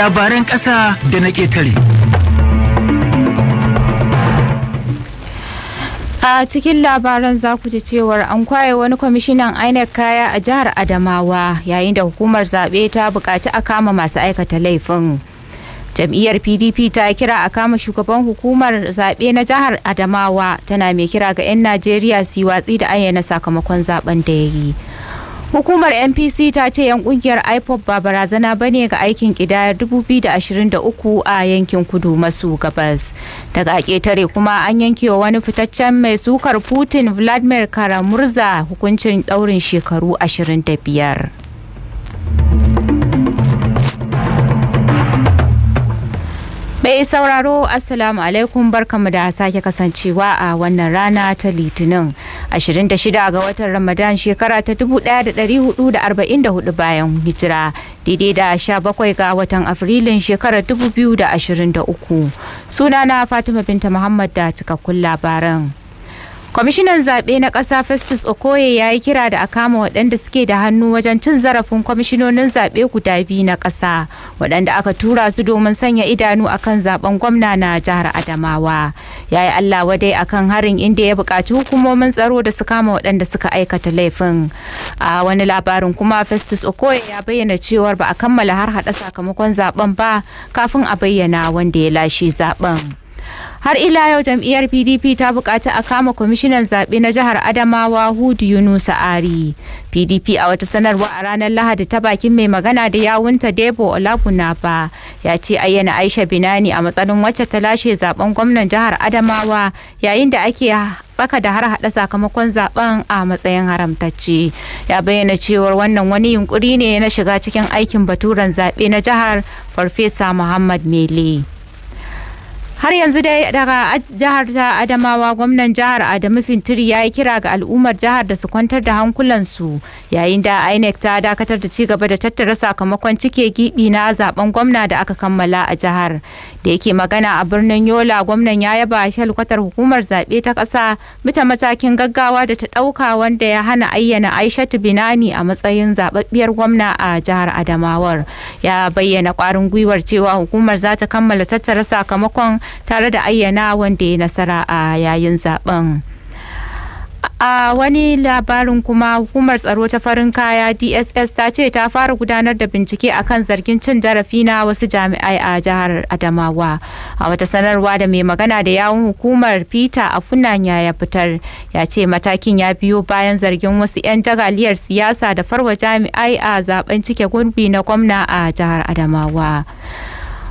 labaran ƙasa da na ƙetare. a cikin labaran za ku ji cewar an kwaye wani kwamishinan inec kaya a jihar adamawa yayin da hukumar zaɓe ta buƙaci a kama masu aikata laifin jam'iyyar pdp ta kira a kama shugaban hukumar zaɓe na jihar adamawa tana mai kira ga 'yan najeriya su yi watsi da ayyana sakamakon zaben da ya yi Hukumar NPC ta ce 'yan kungiyar IPOP ba barazana ba ne ga aikin kidayar 2023 a yankin kudu masu gabas. Daga ƙetare kuma an yanke wa wani fitaccen mai sukar Putin Vladimir Karamurza hukuncin daurin shekaru 25. Mai sauraro Assalamu alaikum barkanmu da sake kasancewa a wannan rana ta Litinin 26 ga watan Ramadan shekara ta 1444 bayan hijira daidai da 17 ga watan Afrilun shekarar 2023. Sunana Fatima Binta Muhammad da cikakkun labaran. kwamishinan zaɓe na ƙasa festus okoye ya yi kira da a kama waɗanda suke da hannu wajen cin zarafin kwamishinonin zaɓe guda biyu na ƙasa waɗanda aka tura su domin sanya idanu akan zaɓen gwamna na jihar adamawa ya yi allah wadai akan harin inda ya buƙaci hukumomin tsaro da su kama waɗanda suka aikata laifin a wani labarin kuma festus okoye ya bayyana cewar ba a kammala har haɗa sakamakon zaɓen ba kafin a bayyana wanda ya lashe zaɓen. har ila yau jam'iyyar pdp ta bukaci a kama kwamishinan zaɓe na jihar adamawa hudu yunusa ari pdp a wata sanarwa a ranar lahadi ta bakin mai magana da yawunta debo olagunaba ya ce ayyana aisha binani a matsalin wacce ta lashe zaben gwamnan jihar adamawa yayin da ake tsaka da har hada sakamakon zaben a matsayin haramtacce ya bayyana cewar wannan wani yunkuri ne na shiga cikin aikin baturen zaɓe na jihar farfesa muhammad mele har yanzu dai daga jihar ta adamawa gwamnan jihar adamu fintiri ya yi kira ga al'ummar jihar da su kwantar da hankulansu yayin da inec ta dakatar da cigaba da tattara sakamakon cike gibi na zaben gwamna da aka kammala a jihar da yake magana a birnin yola gwamnan ya yaba shalkwatar hukumar zaɓe ta ƙasa bita matakin gaggawa da ta ɗauka wanda ya hana ayyana aishatu binani a matsayin zaɓaɓɓiyar gwamna a jihar adamawar ya bayyana ƙwarin gwiwar cewa hukumar za ta kammala tattara sakamakon tare da ayyana wanda ya nasara a yayin zaɓen. a wani labarin kuma hukumar tsaro ta farin kaya dss ta ce ta fara gudanar da bincike akan zargin cin zarafi na wasu jami'ai a jihar adamawa a wata sanarwa da mai magana da yawun hukumar peter a funanya ya fitar ya ce matakin ya biyo bayan zargin wasu 'yan jagaliyar siyasa da farwa jami'ai a zaben cike gurbi na gwamna a jihar adamawa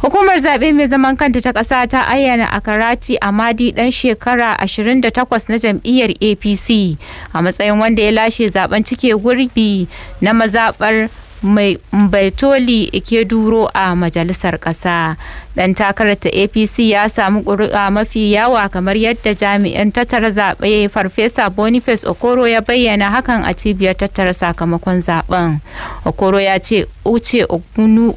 Hukumar zaɓe mai zaman kanta ta ƙasa ta ayyana a Karati a madi ɗan shekara 28 na jam'iyyar APC a matsayin wanda ya lashe zaben cike gurbi na mazaɓar mai mbaitoli duro a majalisar ƙasa ɗan takarar ta apc ya samu ƙuri'a mafi yawa kamar yadda jami'in tattara zaɓe farfesa boniface okoro ya bayyana hakan a cibiyar tattara sakamakon zaben okoro ya ce uce ogunu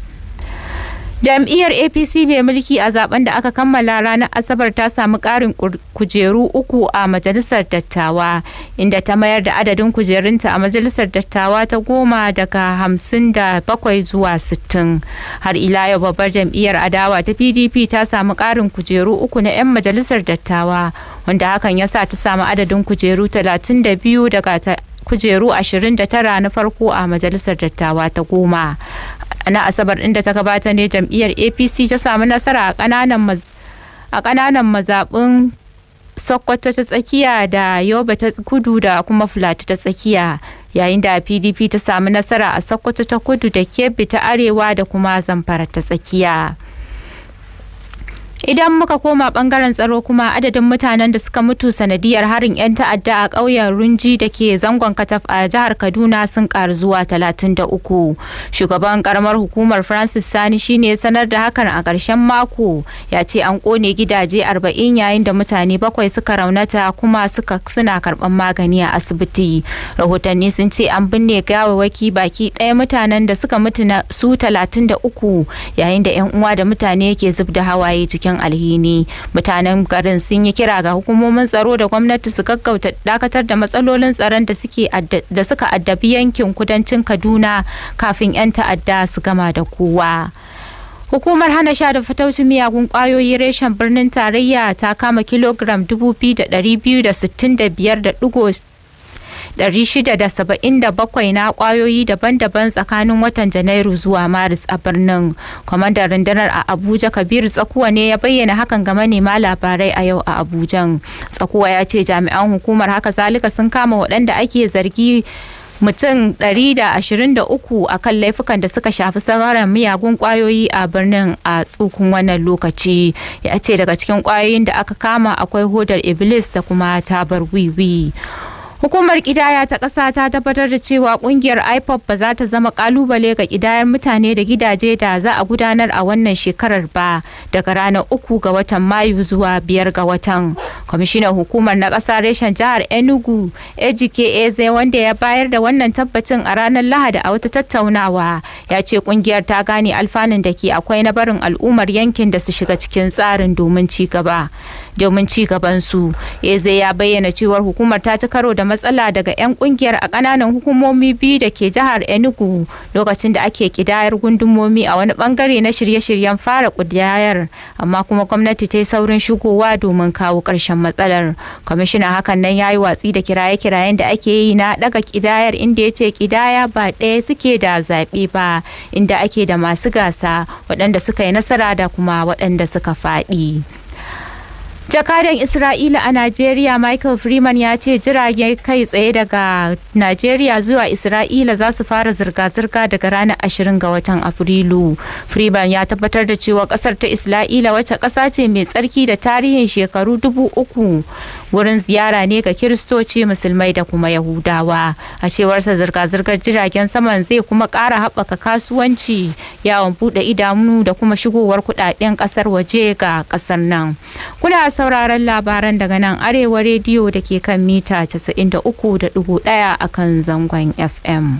jam'iyyar apc mai mulki a zaben da aka kammala ranar asabar ta samu karin kujeru uku a majalisar dattawa inda ta mayar da adadin kujerunta a majalisar dattawa ta goma daga hamsin da bakwai zuwa sittin har ila yau babbar jam'iyyar adawa ta pdp ta samu karin kujeru uku na 'yan majalisar dattawa wanda hakan ya sa ta samu adadin kujeru talatin da kujeru 29 na farko a majalisar dattawa ta goma na asabar inda ta gabata ne jam'iyyar apc ta samu nasara a kananan mazaɓin sokoto ta tsakiya da yobe ta kudu da kuma fulati ta tsakiya yayin da pdp ta samu nasara a sokoto ta kudu da kebbi ta arewa da kuma zamfara ta tsakiya. Idan muka koma bangaren tsaro kuma adadin mutanen da suka mutu sanadiyar harin 'yan ta'adda a ƙauyen Runji da ke zangon Kataf a jihar Kaduna sun ƙaru zuwa 33. Shugaban karamar hukumar Francis Sani shine ne sanar da hakan a ƙarshen mako ya ce an kone gidaje 40 yayin da mutane bakwai suka raunata kuma suka suna karɓar magani a asibiti. Rahotanni sun ce an binne gawawaki baki ɗaya mutanen da suka mutu su 33 yayin da 'yan uwa da mutane ke zub da hawaye cikin cikin alhini mutanen garin sun yi kira ga hukumomin tsaro da gwamnati su gaggauta dakatar da matsalolin tsaron da suke da suka addabi yankin kudancin kaduna kafin 'yan ta'adda su gama da kowa Hukumar hana sha da fataucin miyagun kwayoyi reshen birnin tarayya ta kama kilogram 2,265.8 677 na kwayoyi daban-daban tsakanin watan janairu zuwa maris a birnin kwamandan rundunar a abuja kabir tsakuwa ne ya bayyana hakan ga manema labarai a yau a abuja tsakuwa ya ce jami'an hukumar haka zalika sun kama waɗanda ake zargi mutum 123 a kan laifukan da suka shafi samarar miyagun kwayoyi a birnin a tsukun wannan lokaci ya ce daga cikin kwayoyin da aka kama akwai hodar iblis da kuma tabar wiwi Hukumar kidaya ta ƙasa ta tabbatar da cewa ƙungiyar IPOP ba za ta zama ƙalubale ga kidayar mutane da gidaje da za a gudanar a wannan shekarar ba daga ranar uku ga watan Mayu zuwa biyar ga watan. Kwamishinan hukumar na ƙasa reshen jihar Enugu AGKAZ wanda ya bayar da wannan tabbacin a ranar Lahadi a wata tattaunawa ya ce ƙungiyar ta gane alfanun da ke akwai na barin al'ummar yankin da su shiga cikin tsarin domin ci gaba. Domin ci gabansu, Eze ya bayyana cewar hukumar ta ci karo da matsala daga 'yan kungiyar a kananan hukumomi biyu da ke jihar Enugu lokacin da ake kidayar gundumomi a wani bangare na shirye-shiryen fara kidayar amma kuma gwamnati ta yi saurin shigowa domin kawo karshen matsalar. Kwamishina hakan nan ya yi watsi da kiraye-kirayen da ake yi na daga kidayar inda ya ce kidaya ba ɗaya suke da zaɓe ba inda ake da masu gasa waɗanda suka yi nasara da kuma waɗanda suka faɗi. jakadan isra'ila a najeriya michael freeman ya ce jirage kai tsaye daga najeriya zuwa isra'ila za su fara zirga-zirga daga ranar ashirin ga watan afrilu freeman ya tabbatar da cewa kasar ta isra'ila wacce kasa ce mai tsarki da tarihin shekaru dubu uku wurin ziyara ne ga kiristoci musulmai da kuma yahudawa a cewarsa zirga-zirgar jiragen saman zai kuma kara haɓaka kasuwanci yawon buɗe idanu da kuma shigowar kuɗaɗen ƙasar waje ga ƙasar nan kuna sauraron labaran daga nan arewa rediyo da ke kan mita 93.1 a kan zangon FM.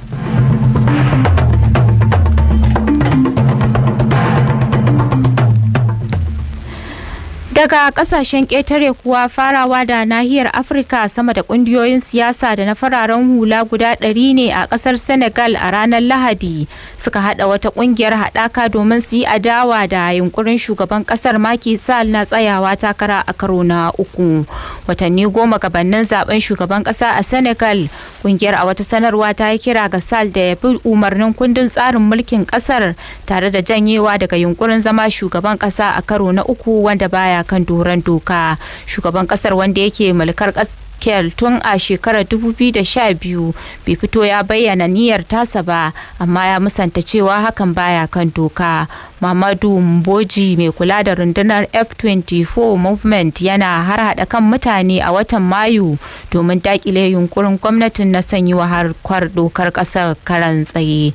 Daga kasashen ƙetare kuwa farawa da nahiyar Afirka sama da ƙungiyoyin siyasa da na fararen hula guda ɗari ne a ƙasar Senegal a ranar Lahadi suka haɗa wata ƙungiyar haɗaka domin su yi adawa da yunkurin shugaban ƙasar Macky Sall na tsayawa takara a karo na uku. Watanni goma gabanin zaben shugaban ƙasa a Senegal ƙungiyar a wata sanarwa ta yi kira ga Sall da ya bi umarnin kundin tsarin mulkin ƙasar tare da janyewa daga yunkurin zama shugaban ƙasa a karo na uku wanda baya kan doron doka shugaban kasar wanda yake mulkar Merkel tun a shekarar 2012 bai fito ya bayyana niyyar tasa ba amma ya musanta cewa hakan baya kan doka. Mamadu Mboji mai kula da rundunar F-24 movement yana har hada kan mutane a watan Mayu domin dakile yunkurin gwamnatin na sanyi wa harkar dokar ƙasar karan tsaye.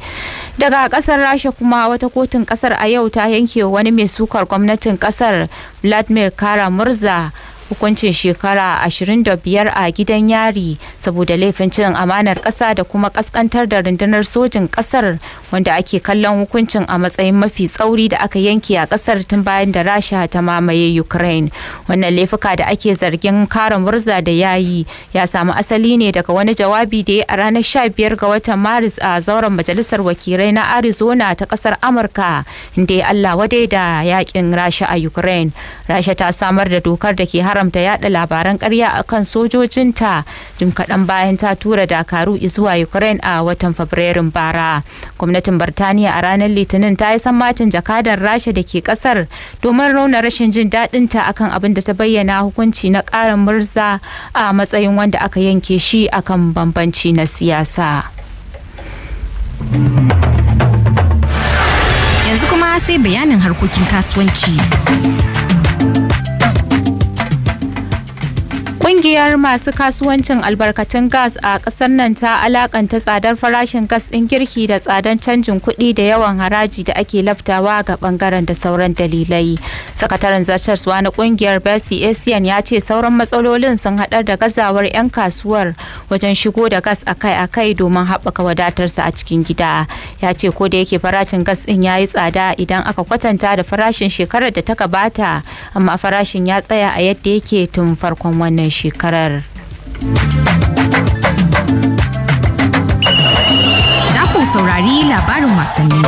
Daga kasar Rasha kuma wata kotun kasar a yau ta yanke wani mai sukar gwamnatin ƙasar Vladimir Kara Murza hukuncin shekara 25 a gidan yari saboda laifin cin amanar ƙasa da kuma ƙasƙantar da rundunar sojin ƙasar wanda ake kallon hukuncin a matsayin mafi tsauri da aka yanke a ƙasar tun bayan da rasha ta mamaye ukraine wannan laifuka da ake zargin kara murza da yayi ya samu asali ne daga wani jawabi da ya a ranar 15 ga watan maris a zauren majalisar wakilai na arizona ta ƙasar amurka inda ya allah wadai da yakin rasha a ukraine rasha ta samar da dokar da ke har haramta yada labaran karya akan sojojinta jim kaɗan bayan ta tura dakaru zuwa ukraine a watan fabrairun bara gwamnatin birtaniya a ranar litinin ta yi sammacin jakadar rasha da ke kasar domin rauna rashin jin daɗinta akan abin da ta bayyana hukunci na ƙarin murza a matsayin wanda aka yanke shi akan bambanci na siyasa. yanzu kuma sai bayanin harkokin kasuwanci. Kungiyar masu kasuwancin albarkatun gas a ƙasar nan ta alakanta tsadar farashin gas ɗin girki da tsadar canjin kuɗi da yawan haraji da ake laftawa ga ɓangaren da sauran dalilai. Sakataren zartarsuwa na kungiyar Bessie Asian ya ce sauran matsalolin sun haɗar da gazawar 'yan kasuwar wajen shigo da gas akai-akai domin haɓaka wadatarsa a cikin gida. Ya ce ko da yake farashin gas ɗin ya yi tsada idan aka kwatanta da farashin shekarar da ta gabata amma farashin ya tsaya a yadda yake tun farkon wannan shekarar ku saurari labarin wasanni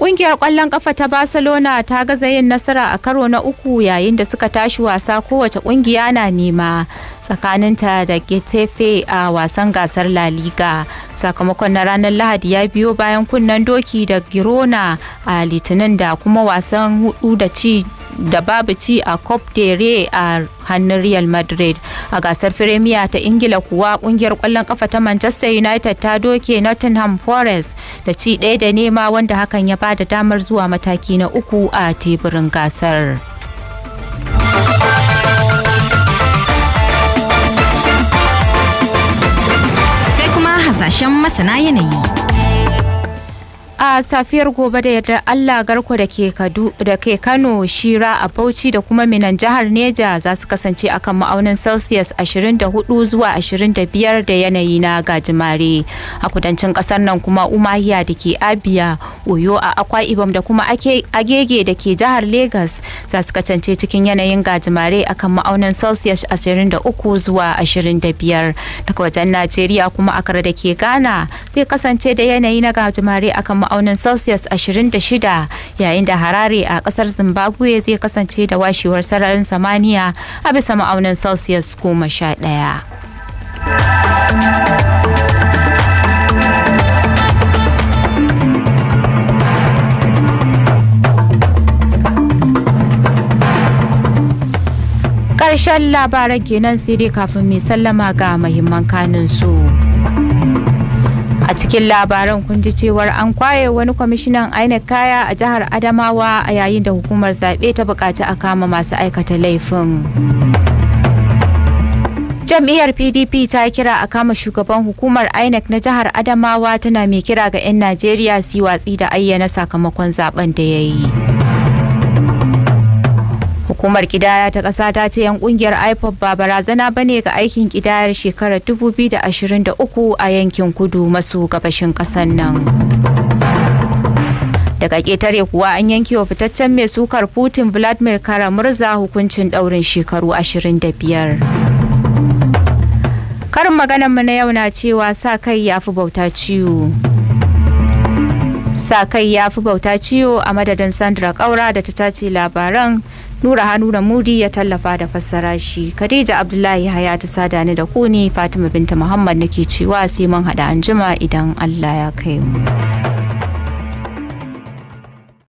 Ƙungiyar ƙwallon ƙafa ta Barcelona ta gaza yin nasara a karo na uku yayin da suka tashi wasa kowace ƙungiya na nema tsakaninta da Getafe a wasan gasar La Liga. Sakamakon na ranar Lahadi ya biyo bayan kunnen doki da Girona a Litinin da kuma wasan hudu da ci da babu ci a cop dere a hannun real madrid a gasar firemiya ta ingila kuwa kungiyar kwallon kafa ta manchester united ta doke nottingham forest da ci ɗaya da nema wanda hakan ya bada damar zuwa mataki na uku a teburin gasar sai kuma hasashen masana yanayi a safiyar gobe da yadda Allah garko da ke Kadu da ke Kano Shira a Bauchi da kuma Minan jihar Neja za su kasance akan ma'aunin Celsius 24 zuwa 25 da yanayi na gajimare a kudancin kasar nan kuma Umahiya da ke Abia Oyo a Akwa Ibom da kuma Agege da ke jihar Legas za su kasance cikin yanayin gajimare akan ma'aunin Celsius 23 zuwa 25 daga wajen Najeriya kuma akar da ke Ghana zai kasance da yanayi na gajimare akan ma'aunin celsius 26 yayin da harare a kasar zimbabwe zai kasance da washewar sararin samaniya a bisa ma'aunin celsius 11 karshen labaran kenan sai dai kafin mai sallama ga mahimman kanin su. a cikin labaran kun ji cewar an kwaye wani kwamishinan aina kaya a jihar adamawa a yayin da hukumar zaɓe ta buƙaci a kama masu aikata laifin jam'iyyar pdp ta kira a kama shugaban hukumar inec na jihar adamawa tana mai kira ga 'yan najeriya su watsi da ayyana sakamakon zaben da ya yi hukumar kidaya ta kasa ta ce yan kungiyar ipob ba barazana bane ga aikin kidayar shekarar 2023 a yankin kudu maso gabashin kasar nan daga ƙetare kuwa an yanke wa fitaccen mai sukar putin vladimir murza hukuncin daurin shekaru 25 karin maganarmu na yau na cewa sa kai ya fi bauta ciwo sa kai ya fi bauta ciwo a madadin sandra kaura da ta tace labaran Nura hannu da Mudi ya tallafa da fassara shi. Khadija Abdullahi Haya ta sada ni da ku ne Fatima binta Muhammad nake cewa sai mun hada anjima idan Allah ya kai mu.